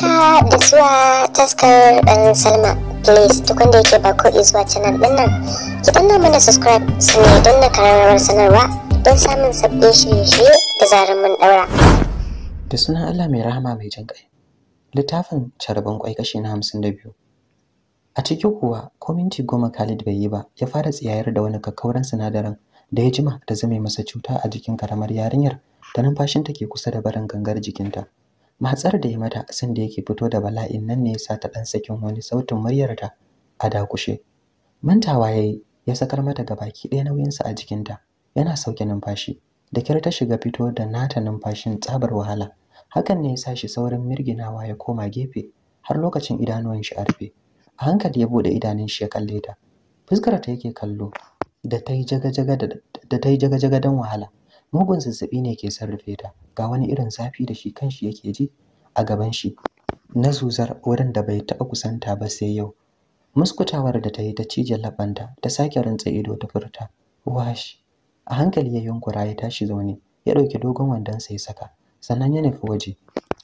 haka da zuwa taskar dan salma please duk wanda yake ba ko zuwa canal din nan ki danna mana subscribe su ne don na kararrawar sanarwa don samun sabbin shirye-shirye da zarar mun daura da sunan allah mai rahama mai jan kai littafin carban kwai kashi na hamsin da biyu a ciki kuwa ko minti goma khalid bai yi ba ya fara tsiyayar da wani kakkauran sinadaran da ya jima da zame masa cuta a jikin karamar yarinyar da numfashinta ke kusa da barin gangar jikinta matsar da ya mata da yake fito da bala'in nan ne sa ta dan sakin wani sautin muryarta a dakushe mantawa yayi ya sakar mata gabaki ɗaya nauyinsa a jikinta yana sauke numfashi da kyar ta shiga fito da nata numfashin tsabar wahala hakan ne ya sa shi saurin mirginawa ya koma gefe har lokacin idanuwan shi a rufe a hankali ya bude idanun shi ya kalle ta fuskar ta yake kallo da ta jaga da ta yi jaga-jaga don wahala mugun zazzaɓi ne ke sarrafe ta ga wani irin zafi da shi kanshi yake ji a gaban shi na zuzar wurin da bai taɓa kusanta ba sai yau muskutawar da ta yi ta cije labanta ta sake rantsa ido ta furta Washi. a hankali ya yunkura ya tashi zaune ya ɗauki dogon wandon sai saka sannan ya nufi waje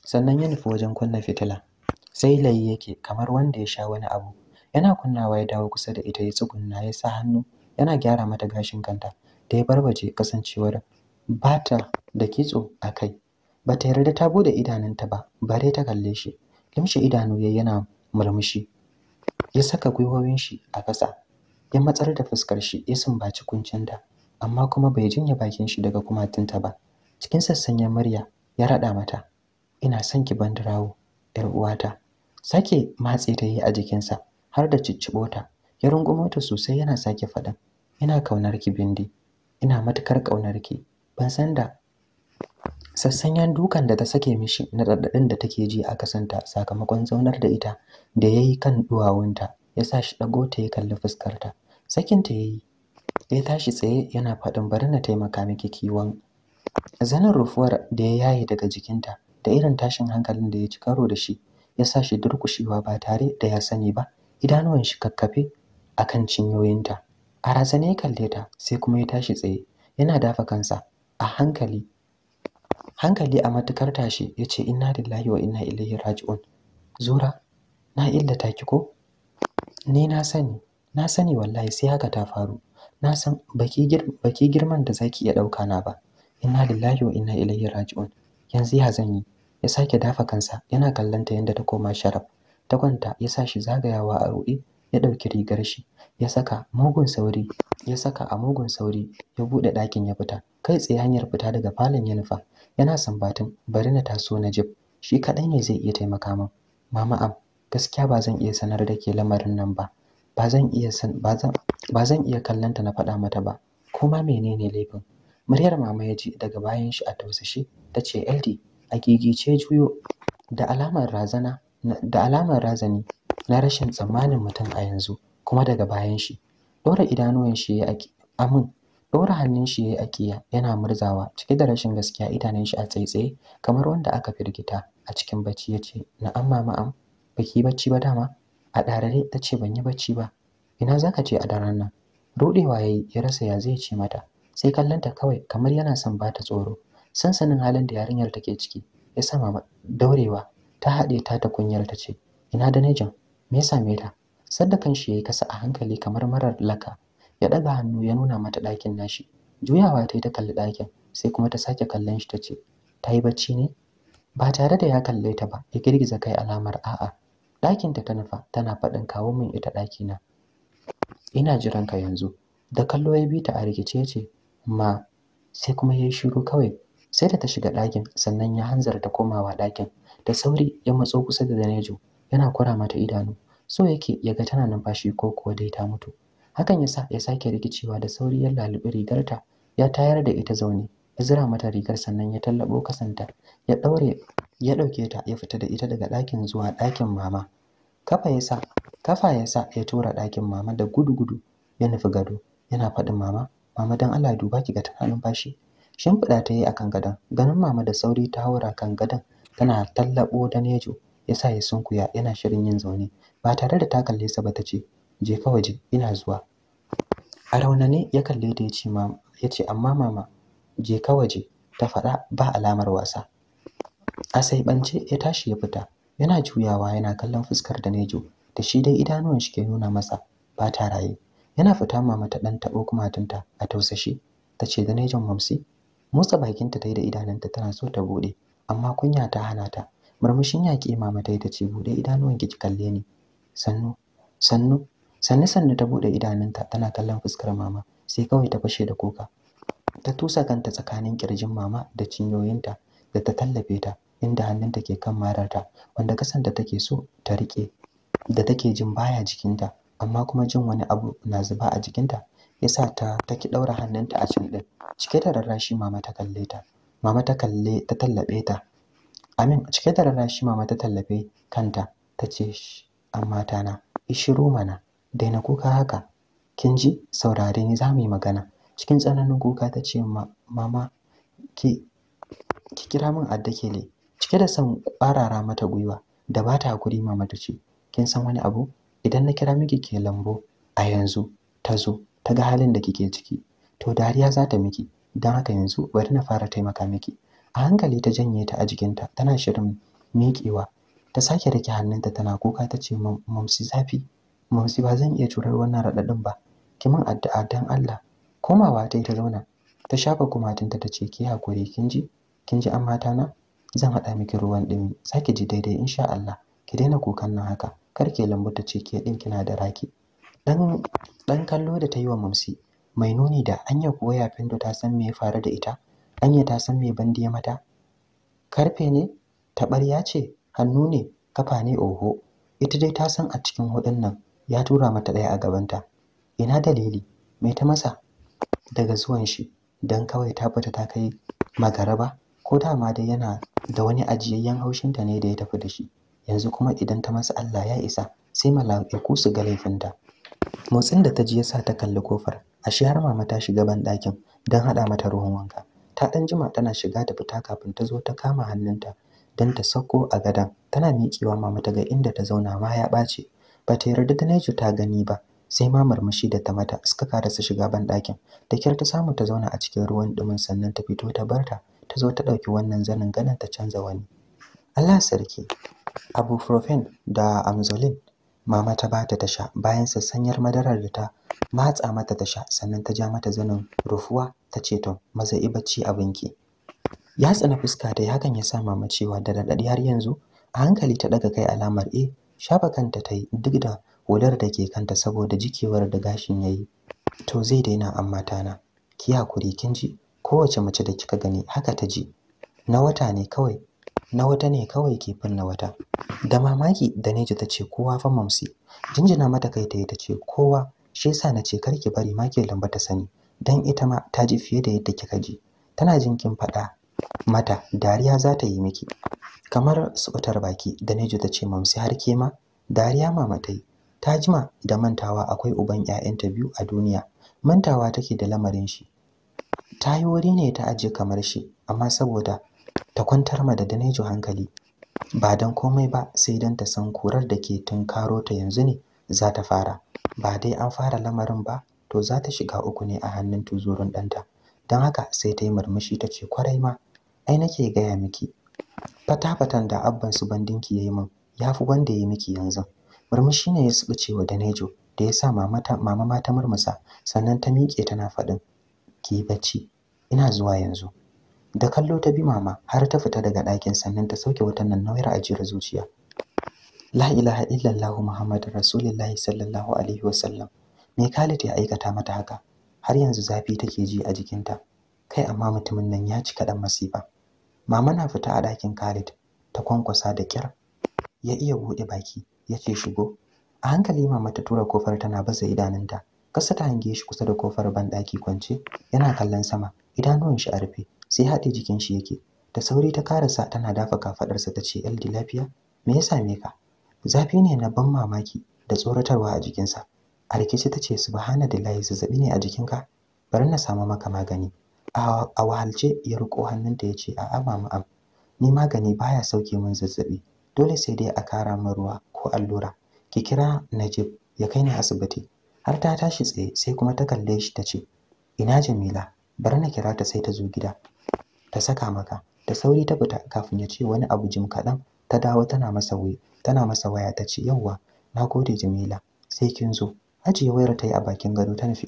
sannan ya nufi wajen kunna fitila sai layi yake kamar wanda ya sha wani abu yana kunnawa ya dawo kusa da ita ya tsugunna ya sa hannu yana gyara mata gashin kanta da ya barbace kasancewar bata da kitso a kai Ba ta yarda ta bude idanunta ba bare ta kalle shi limshe idanu ya yana murmushi ya saka gwiwoyin shi a ƙasa ya matsar da fuskar shi ya sumbaci kuncinta amma kuma bai jinya bakin shi daga kumatunta ba cikin sassanyen murya ya rada mata ina son ki bandirawo yar uwata sake matse ta yi a jikinsa har da ciccibo ta ya rungumo ta sosai yana sake faɗan ina kaunar ki bindi ina matukar kaunar ki ban san da sassanyan dukan da ta sake mishi na raɗaɗin da take ji a kasanta sakamakon zaunar da ita da ya yi kan duwawunta ya sa shi ɗago ta ya kalli fuskarta sakinta ya yi ya tashi tsaye yana faɗin bari na taimaka miki kiwon zanen rufuwar da ya yaye daga jikinta da irin tashin hankalin da ya ci karo da shi ya sa shi durƙushewa ba tare da ya sani ba idanuwan shi kakkafe a kan cinyoyinta a razane ya kalle ta sai kuma ya tashi tsaye yana dafa kansa a hankali hankali a matukar tashi yace, ce inna lillahi wa inna ilaihi raji'un zura na illata ki ko ni na sani na sani wallahi sai haka ta faru na san baki girman da zaki iya ɗauka na ba inna lillahi wa inna ilaihi raji'un yanzu ya zanyi ya sake dafa kansa yana kallanta yanda ta koma sharaf ta kwanta ya sa shi zagayawa a ruɗe ya ɗauki rigar shi ya saka mugun sauri ya saka a mugun sauri ya buɗe ɗakin ya fita kai tsaye hanyar fita daga falon ya nufa yana sambatin bari na taso na jib shi kaɗai ne zai iya taimaka min mama am gaskiya ba zan iya sanar da ke lamarin nan ba ba zan iya san ba kallanta na faɗa mata ba ko ma menene laifin muryar mama ya ji daga bayan shi a tausashe ta ce ld a gigice juyo da alamar razana da alamar razani na rashin tsammanin mutum a yanzu kuma daga bayan shi ɗora idanuwan shi ya amin ɗora hannun shi yi akiya yana murzawa cike da rashin gaskiya idanun shi a tsaitsaye kamar wanda aka firgita a cikin bacci ya yace na'am mama am baki bacci ba dama a ɗarare ta ce ban yi bacci ba ina zaka ce a daren nan rudewa yayi ya rasa ya zai ce mata sai kallanta kawai kamar yana son bata tsoro sansanin halin da yarinyar take ciki ya sama daurewa ta haɗe ta ta kunyar ta ce ina da nejin me ya same ta sadda kan shi yi kasa a hankali kamar marar laka ya ɗaga hannu ya nuna mata ɗakin nashi juyawa ta yi ta kalli ɗakin sai kuma ta sake kallon shi ta ce ta yi bacci ne ba tare da ya kalle ta ba ya girgiza kai alamar a'a ɗakinta ta nufa tana faɗin kawo min ita ɗakina ina jiran ka yanzu da kallo ya bi ta a rikice ce ma sai kuma ya yi shiru kawai sai da ta shiga ɗakin sannan ya hanzarta komawa ɗakin da sauri ya matso kusa da danejo yana kura mata idanu so yake ya ga tana numfashi ko kuwa dai ta mutu hakan ya sa ya sake rikicewa da sauri ya lalubi rigarta ya tayar da ita zaune ya zira mata rigar sannan ya tallabo kasanta ya daure ya dauke ta ya fita da ita daga ɗakin zuwa ɗakin mama kafa ya sa kafa ya ya tura ɗakin mama da gudu-gudu ya nufi gado yana faɗin mama mama dan Allah duba ki ga bashi, numfashi shimfiɗa ta yi akan gadon ganin mama da sauri ta haura kan gadon tana tallabo da nejo yasa ya sunkuya yana shirin yin zaune ba tare da ta kalle sa ba ta ce je ka waje ina zuwa a raunane ya kalle ta ya ce amma mama je ka waje ta faɗa ba alamar wasa a sai bance ya tashi ya fita yana juyawa yana kallon fuskar da nejo da shi dai idanuwan shi ke nuna masa ba ta raye yana fita mama ta taɓo tabo tunta, a tausashe tace da nejon mamsi motsa bakinta ta yi da idanunta tana so ta buɗe, amma kunya ta hana ta murmushin yaƙi mama ta yi ta ce buɗe, idanuwan ki kalle ni sannu sannu sanne sanne ta buɗe idanunta tana kallon fuskar mama sai kawai ta fashe da kuka ta tusa kanta tsakanin kirjin mama da cinyoyinta da ta tallafe ta inda hannunta ke kan mararta wanda kasan da take so ta rike da take jin baya jikinta amma kuma jin wani abu na zuba a jikinta yasa ta take daura hannunta a cin din cike da rarrashi mama ta kalle ta mama ta kalle ta tallabe ta amin cike da rarrashi mama ta tallafe kanta ta ce amma tana ishiru mana daina kuka haka kin ji saurare ni za mu yi magana cikin tsananin kuka ta ce mama ki kira min adda kele cike da san kwarara mata gwiwa da ba ta hakuri mama ta ce kin san wani abu idan na kira miki ke lambo a yanzu ta zo ta ga halin da kike ciki to dariya za ta miki don haka yanzu bari na fara taimaka miki a hankali ta janye ta a jikinta tana shirin miƙewa ta sake rike hannunta tana kuka ta ce mamsi zafi Mamsi ba zan iya curar wannan raɗaɗin ba. Ki min addu'a dan Allah. Komawa ta yi ta zauna. Ta shafa kumatinta ta ce ki hakuri kin ji? an mata na? Zan haɗa miki ruwan ɗumi. saki ji daidai insha Allah. Ki daina kokan nan haka. Kar ke lambu ta ce ke ɗin kina da raki. Dan dan kallo da ta yi wa Mamsi mai nuni da anya kuwa ya Fendo ta san me ya faru da ita. Anya ta san me bandi ya mata. Karfe ne? Taɓarya ce? Hannu ne? Kafa ne? Oho. Ita dai ta san a cikin hudun nan ya tura mata ɗaya a gabanta ina dalili me ta masa daga zuwan shi Don kawai ta fita ta kai magaraba ko dama dai yana da wani ajiyayyen haushinta ne da ya tafi da shi yanzu kuma idan ta masa Allah ya isa sai mala'iku su ga laifinta motsin da ta ji sa ta kalli kofar ashe har mama ta shiga ban ɗakin don haɗa mata ruwan wanka ta ɗan jima tana shiga da fita kafin ta zo ta kama hannunta don ta sauko a gadon tana miƙewa mama ta ga inda ta zauna ma ya ɓace ba ta yarda da Naiju ta gani ba sai ma murmushi da ta mata suka karasa shiga ban ɗakin da kyar ta samu ta zauna a cikin ruwan dumin sannan ta fito ta barta ta zo ta ɗauki wannan zanin ganin ta canza wani Allah sarki ibuprofen da amzolin mama ta bata ta sha bayan sanyar madarar da ta matsa mata ta sha sannan ta ja mata zanin rufuwa ta ce to maza bacci abinki ya tsana fuska da hakan ya sa mama cewa da radadi har yanzu a hankali ta daga kai alamar e shafa kanta ta yi duk da hular da ke kanta saboda jikewar da gashin ya yi to zai daina amma tana ki hakuri kin ji kowace mace da kika gani haka ta ji na wata ne kawai na wata ne kawai ke na wata da mamaki da ji ta ce kowa fa mamsi jinjina mata kai ta yi ta ce kowa shi yasa na ce karki bari ma ke lamba ta sani dan ita ma ta ji fiye da yadda kika ji tana jin kin faɗa mata dariya za ta yi miki kamar sukutar baki danejo ta ce mamsi har ke ma dariya mamatai ta jima da mantawa akwai uban 'ya'yanta biyu a duniya mantawa take da lamarin shi ta yi wuri ne ta aje kamar shi amma saboda ta kwantar ma da danejo hankali ba dan komai ba sai dan ta san kurar da ke karo ta yanzu ne za ta fara ba dai an fara lamarin ba to za ta shiga uku ne a hannun tuzurun ɗanta don haka sai ta yi murmushi ta ce kwarai ma ai nake gaya miki Fata-fatan da abban su bandinki ya yi min ya fi wanda ya yi miki yanzu. Murmushi ne ya subuce wa Danejo da ya sa mama ma ta murmusa sannan ta miƙe tana faɗin ki yi bacci ina zuwa yanzu. Da kallo ta bi mama har ta fita daga ɗakin sannan ta sauke wata nauyar ajiyar zuciya. La ilaha illallah Muhammadu Rasulullahi sallallahu alaihi wasallam. Me Khalid ya aikata mata haka? Har yanzu zafi take ji a jikinta. Kai amma mutumin nan ya ci kaɗan masifa. mama na fita a ɗakin Khalid ta kwankwasa da kyar ya iya buɗe baki ya ce shigo a hankali mama ta tura kofar tana baza idanunta kasa ta hange shi kusa da kofar banɗaki kwance yana kallon sama idanuwan shi a rufe sai haɗe jikin shi yake da sauri ta karasa tana dafa kafaɗarsa ta ce yaldi lafiya me ya same ka zafi ne na ban mamaki da tsoratarwa a jikinsa a rikici ta ce subhanallahi zazzabi ne a jikinka bari na samu maka magani a wahalce ya riko ta ya ce a'a mama am ni magani baya sauke min zazzaɓi. dole sai dai a kara min ruwa ko allura ki kira Najib ya kai ni asibiti har ta tashi tsaye sai kuma ta kalle shi ta ce ina Jamila bari na kira ta sai ta zo gida ta saka maka da sauri ta fita kafin ya ce wani abu jim kaɗan ta dawo tana masa waya tana masa waya ta ce yauwa na gode Jamila sai kin zo ajiye wayar ta yi a bakin gado ta nufi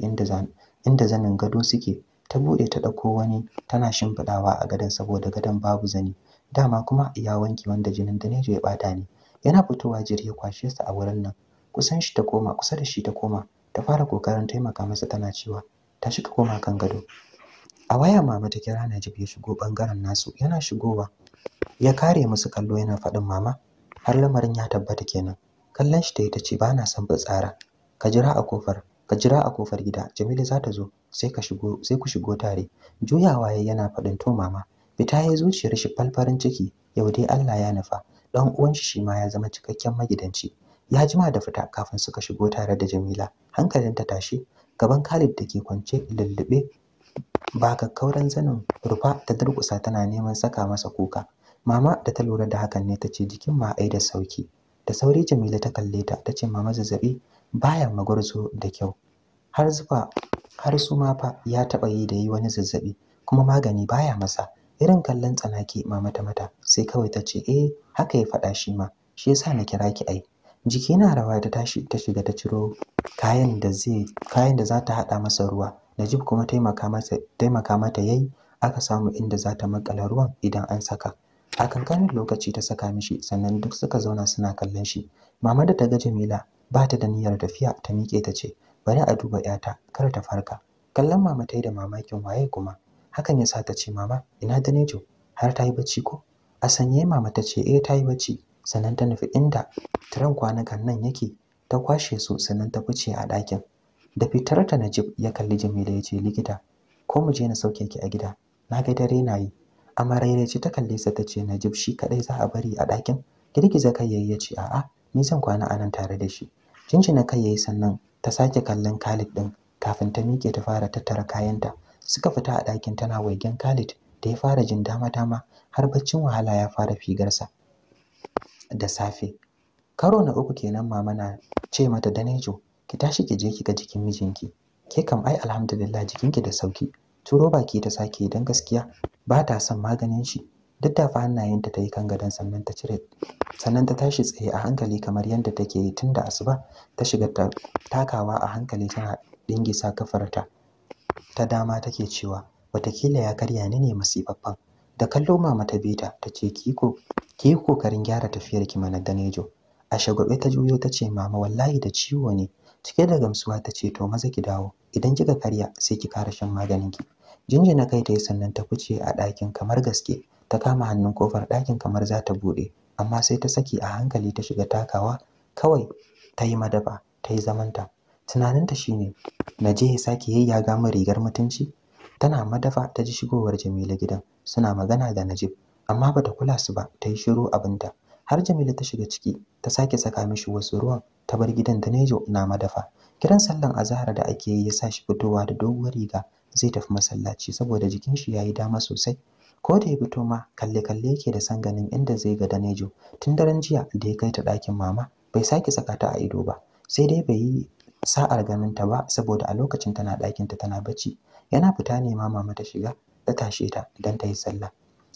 inda zanin gado suke ta buɗe ta ɗauko wani tana shimfiɗawa a gadon saboda gadon babu zani dama kuma ya wanke wanda jinin da ya ɓata ne yana fitowa jiri ya kwashe sa a wurin nan kusan shi ta koma kusa da shi ta koma ta fara kokarin taimaka masa tana cewa ta shiga koma kan gado a waya mama ta kira Najib ya shigo bangaren nasu yana shigowa ya kare musu kallo yana faɗin mama har lamarin ya tabbata kenan kallon shi ta yi ta ce ba na son fitsara ka jira a kofar ka jira a kofar gida Jamilu za ta zo sai ka shigo sai ku shigo tare juyawa yayi yana faɗin to mama fita ya zuciyar shi falfarin ciki yau dai Allah ya nufa Ɗan uwan shi shi ya zama cikakken magidanci ya jima da fita kafin suka shigo tare da Jamila Hankalin ta tashi gaban Khalid da ke kwance lullube ba kakkauran zanin rufa ta durƙusa tana neman saka masa kuka mama da ta lura da hakan ne ta ce jikin ma ai da sauki da sauri Jamila ta kalle ta ta ce mama zazzabi baya magwarzo da kyau har zufa har su ma fa ya taɓa yi da yi wani zazzabi kuma magani baya masa irin kallon tsanaki mama ta mata sai kawai ta ce eh haka ya faɗa shi ma shi yasa na kira ki ai jiki na rawa ta tashi ta shiga ta ciro kayan da zai kayan da za ta haɗa masa ruwa Najib kuma taimaka mata taimaka mata yayi aka samu inda za ta makala ruwan idan an saka a kankanin lokaci ta saka mishi sannan duk suka zauna suna kallon shi mama da ta ga jamila ba ta da niyyar tafiya ta miƙe ta ce bari a duba yata kar ta farka kallon mama ta yi da mamakin waye kuma hakan ya sa ta ce mama ina da nejo har ta yi bacci ko a sanye mama ta ce eh ta yi bacci sannan ta nufi inda tiran kwanakan nan yake ta kwashe su sannan ta fice a ɗakin da fitar ta najib ya kalli jamila ya ce likita ko mu je na sauke ki a gida na ga dare na yi amma rairace ta kalle sa ta ce najib shi kaɗai za a bari a ɗakin girgiza kai yayi ya ce a'a ni zan kwana nan tare da shi jinjina kai yayi sannan ta sake kallon Khalid din kafin ta mike ta fara tattara kayanta suka fita a ɗakin tana waigen Khalid da ya fara jin dama dama har baccin wahala ya fara figarsa da safe karo na uku kenan mama na ce mata danejo ki tashi ki je ki ga jikin mijinki ke kam ai alhamdulillah jikinki da sauki turo baki ta sake dan gaskiya ba ta son maganin shi Duk fa hannayenta ta yi kan gadon sannan ta cire sannan ta tashi tsaye a hankali kamar yadda take yi tun da asuba ta shiga takawa a hankali tana dingisa kafarta ta dama take cewa watakila ya karya ni ne masifaffan da kallo mama ta bita ta ce kiko ki yi kokarin gyara tafiyar ki mana danejo a shagwabe ta juyo ta ce mama wallahi da ciwo ne cike da gamsuwa ta ce to maza ki dawo idan kika karya sai ki kara shan maganin ki jinjina kai ta yi sannan ta fice a ɗakin kamar gaske ta kama hannun kofar ɗakin kamar za ta buɗe amma sai ta saki a hankali ta shiga takawa kawai ta yi madafa ta yi zamanta tunaninta shine na je ya sake yayyaga min rigar mutunci tana madafa ta ji shigowar Jamila gidan suna magana da Najib amma bata kula su ba ta yi shiru abinta har Jamila ta shiga ciki ta sake saka mishi wasu ruwan ta bar gidan ta Nejo na madafa kiran sallan azahar da ake yi ya sa shi fitowa da doguwar riga zai tafi masallaci saboda jikin shi ya yi dama sosai ko da ya fito ma kalle kalle yake da san ganin inda zai ga Danejo tun daren jiya da ya kai ta ɗakin mama bai sake saka ta a ido ba sai dai bai yi sa'ar ganin ta ba saboda a lokacin tana ɗakin ta tana bacci yana fita ne ma mama ta shiga ta tashe ta dan ta yi sallah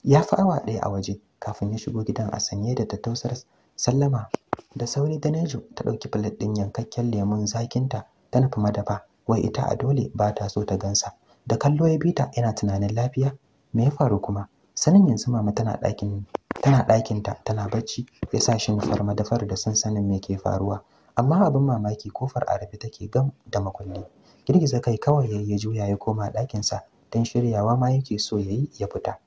ya fi awa ɗaya a waje kafin ya shigo gidan a sanye da tattausar sallama da sauri Danejo ta ɗauki filet ɗin yankakken lemun zakinta ta nufi madafa wai ita a dole ba ta so ta gansa da kallo ya bi ta yana tunanin lafiya me ya faru kuma sanin yanzu mama tana ɗakin tana ɗakinta tana bacci ya sa shi nufar madafar da sansanin me ke faruwa amma abin mamaki kofar a rufe take gam da makulli girgiza kai kawai ya juya ya koma ɗakinsa don shiryawa ma yake so ya yi ya fita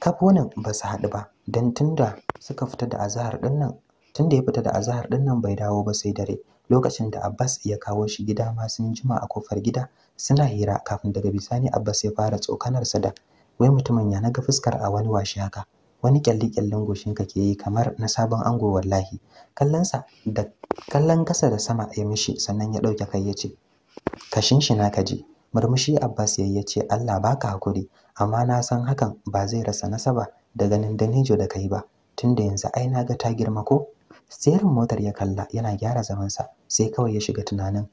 kafonin ba su haɗu ba don tunda suka fita da azahar ɗin nan tunda ya fita da azahar ɗin nan bai dawo ba sai dare lokacin da Abbas ya kawo shi gida ma sun jima a kofar gida suna hira kafin daga bisani Abbas ya fara tsokanarsa da wai mutumin ya naga fuskar a wani washe haka wani kyalli-kyallin goshin ka ke yi kamar na sabon ango wallahi kallonsa da kallon kasa da sama ya mishi sannan ya ɗauke kai ya ce kashin shi naka je murmushi Abbas yayi yace ce Allah baka hakuri amma na san hakan ba zai rasa nasaba da ganin Danijo da kai ba tunda yanzu ai na ga ta girma ko Steering motar ya kalla yana gyara zamansa sai kawai ya shiga tunanin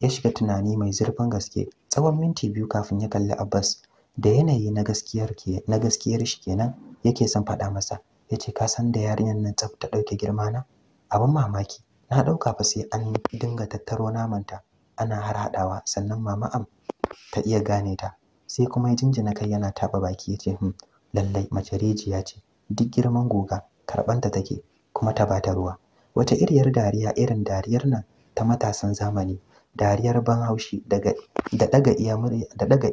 ya shiga tunani mai zurfin gaske tsawon minti biyu kafin ya kalli Abbas da yanayi na gaskiyar shi kenan yake son faɗa masa yace ka san da yarinyar nan tsaf ta dauke girma na abin mamaki na ɗauka fa sai an dinga tattaro namanta ana harhaɗawa sannan mama am ta iya gane ta sai kuma ya jinjina kai yana taɓa baki yace hmm lallai mace rijiya ce duk girman goga karbanta take kuma ta bata ruwa wata iriyar dariya irin dariyar nan ta matasan zamani dariyar ban haushi daga da daga iya murya da daga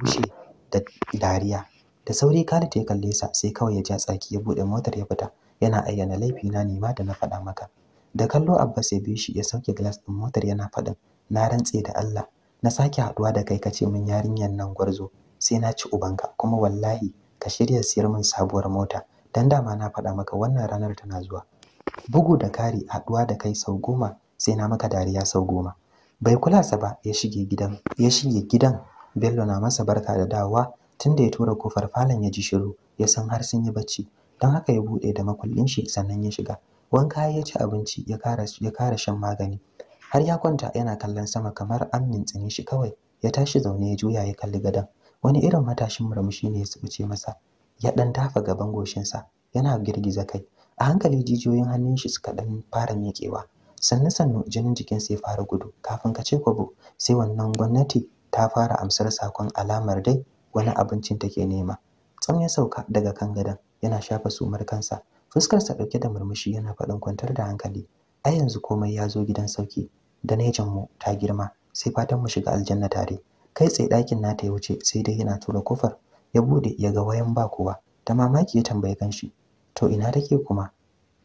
bushe da dariya da sauri ta ya kalle sa sai kawai ya ja tsaki ya bude motar ya fita yana ayyana laifi na ne da na faɗa maka da kallo Abbas ya bi shi ya sauke glass din motar yana faɗin na rantse da Allah na sake haɗuwa da kai kace min yarinyar nan gwarzo sai na ci ubanka kuma wallahi ka shirya siyar min sabuwar mota dan dama na faɗa maka wannan ranar tana zuwa bugu da kari haɗuwa da kai sau goma sai na maka dariya sau goma bai kula sa ba ya shige gidan ya shige gidan bello na masa barka da dawowa tunda ya tura kofar falon ya ji shiru ya san har sun yi bacci don haka ya buɗe da makullin shi sannan ya shiga wanka ya ci abinci ya kara ya kara shan magani har ya kwanta yana kallon sama kamar an mintsine shi kawai ya tashi zaune ya juya ya kalli gadon wani irin matashin murmushi ne ya wuce masa ya dan tafa gaban goshinsa yana girgiza kai a hankali jijiyoyin hannun shi suka dan fara miƙewa sannu sannu jinin jikin sai fara gudu kafin ka ce kwabo sai wannan gwamnati ta fara amsar sakon alamar dai wani abincin take nema tsam ya sauka daga kan gadon yana shafa sumar kansa fuskarsa ɗauke da murmushi yana faɗin kwantar da hankali a yanzu komai ya zo gidan sauki da nejan mu ta girma sai fatan mu shiga aljanna tare kai tsaye ɗakin nata ya wuce sai dai yana tura kofar ya bude ya ga wayan ba kowa ta mamaki ya tambaye kanshi to ina take kuma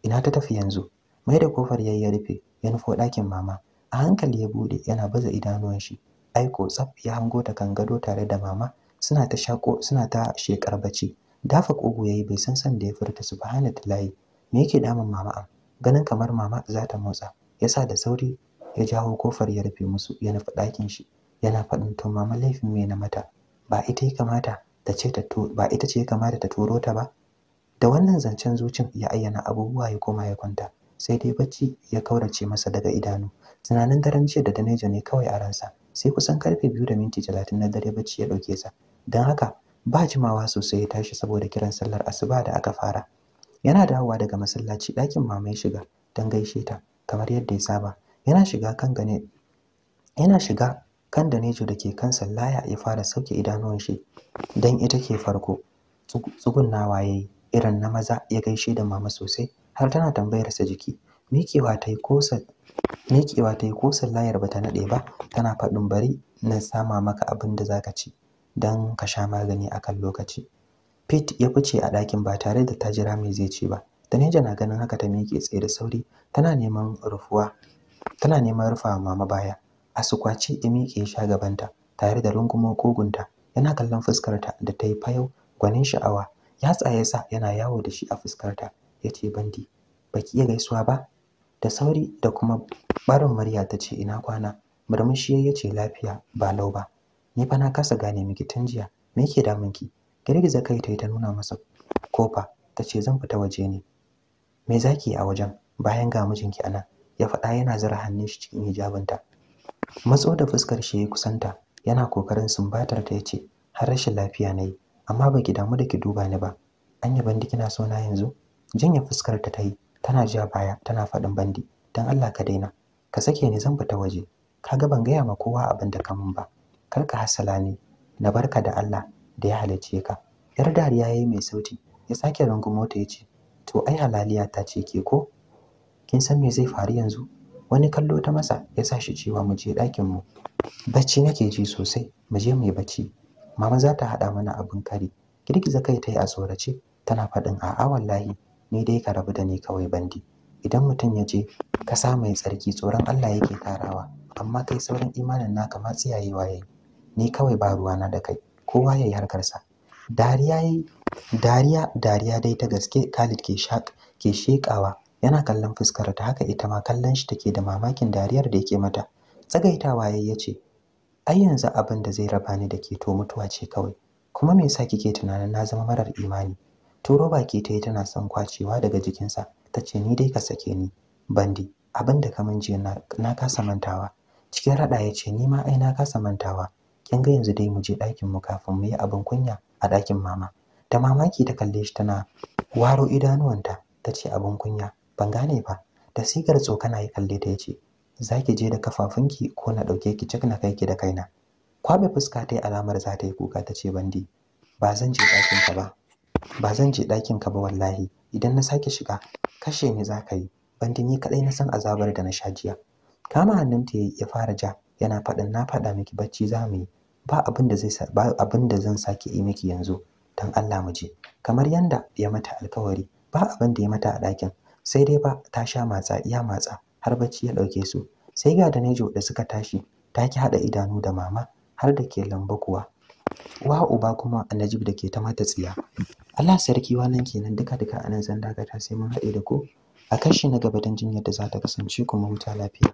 ina ta tafi yanzu mai da kofar yayi ya rufe ya nufo ɗakin mama a hankali ya bude yana baza idanuwan shi aiko tsaf ya hango ta kan gado tare da mama suna ta shako suna ta shekar bacci dafa kogo yayi bai san san da ya furta subhanallahi me yake damun mama am ganin kamar mama za ta motsa yasa da sauri ya jawo kofar ya rufe musu ya nufi ɗakin shi yana faɗin to mama laifin me na mata ba ita ya kamata ta ce ba ita ce ya kamata ta turo ta ba da wannan zancen zucin ya ayyana abubuwa ya koma ya kwanta sai dai bacci ya kaurace masa daga idanu tunanin daren jiya da danejo ne kawai a ransa sai kusan karfe biyu da minti talatin na dare bacci ya ɗauke sa don haka ba jimawa sosai ya tashi saboda kiran sallar asuba da aka fara yana dawowa daga masallaci ɗakin mama ya shiga don gaishe ta kamar yadda ya saba yana shiga kan gane yana shiga kan da nejo da ke kan sallaya ya fara sauke idanuwan shi don ita ke farko tsugunnawa ya yi irin na maza ya gaishe da mama sosai har tana tambayar sa jiki miƙewa ta yi sallayar ba ta bata naɗe ba tana faɗin bari na sama maka abin da ka ci don ka sha magani akan lokaci Pete ya fice a ɗakin ba tare da ta jira mai zai ce ba neja na ganin haka ta miƙe tsaye da sauri tana neman rufuwa tana mama baya a sukwace ya miƙe sha gabanta tare da rungumo kogunta yana kallon fuskarta da ta yi fayau gwanin sha'awa ya tsaye sa yana yawo da shi a fuskarta ya ce bandi baki iya gaisuwa ba da sauri da kuma barin murya ta ce ina kwana murmushi ya ce lafiya ba lau ba ni fa na kasa gane miki tun jiya me yake damun ki girgiza kai ta yi ta nuna masa kofa ta ce zan fita waje ne me zaki a wajen bayan ga mijinki a nan? ya faɗa yana zira hannun shi cikin hijabinta matso da fuskar shi ya kusanta yana kokarin sumbatar ta yace har rashin lafiya yi, amma baki damu da ki duba ni ba anya bandi kina so na yanzu janye fuskar ta yi tana jiya baya tana faɗin bandi dan Allah ka daina ka sake ni zan fita waje kaga ban gaya ma kowa abin da kamun ba kar ka hasala ni na barka da Allah da ya halice ka yar dariya yayi mai sauti ya sake rungumo ta yace to ai halaliya ta ce ke ko kin san me zai faru yanzu wani kallo ta masa ya sa shi cewa mu je ɗakin mu bacci nake ji sosai mu je mu yi bacci mama za ta haɗa mana abin kari girgiza kai ta yi a tsorace tana faɗin a'a wallahi ni dai ka rabu da ni kawai bandi idan mutum ya je kasa mai tsarki tsoron Allah yake tarawa amma kai sauran imanin naka ma tsiyayewa yayi ni kawai ba ruwana da kai kowa yayi harkarsa dariya dariya dariya dai ta gaske Khalid ke shak ke shekawa yana kallon fuskar ta haka ita ma kallon shi take da mamakin dariyar da yake mata tsagaitawa yayi yace ai yanzu abin da zai raba ni da ke to mutuwa ce kawai kuma me yasa kike tunanin na zama marar imani to baki ta yi tana son kwacewa daga jikinsa tace ni dai ka sake ni bandi abin da kaman jiya na, kasa mantawa cikin rada yace ni ma ai na kasa mantawa kin ga yanzu dai mu je ɗakin mu kafin mu yi abin kunya a ɗakin mama da mamaki ta kalle shi tana waro idanuwanta ta ce abin kunya ban gane ba da sigar tsokana ya kalle ta yace zaki je da kafafunki ko na ɗauke ki cik na kai ki da kaina kwabe fuska ta yi alamar za ta yi kuka ta ce bandi ba zan je ɗakin ka ba ba zan je ɗakin ka ba wallahi idan na sake shiga kashe ni za ka yi bandi ni kaɗai na san azabar da na sha jiya kama hannunta ya fara ja yana faɗin na faɗa miki bacci za mu yi ba abin da zai ba zan sake yi miki yanzu dan Allah mu je kamar yanda ya mata alkawari ba abin da ya mata a ɗakin sai dai ba ta sha matsa iya matsa har bacci ya ɗauke su sai ga da nejo da suka tashi ta ki haɗa idanu da mama har da ke lamba kuwa wa uba kuma najib da ke ta mata tsiya Allah sarki wannan kenan duka duka anan zan dakata sai mun haɗe da ku a kashi na gaba don jin da za ta kasance kuma huta lafiya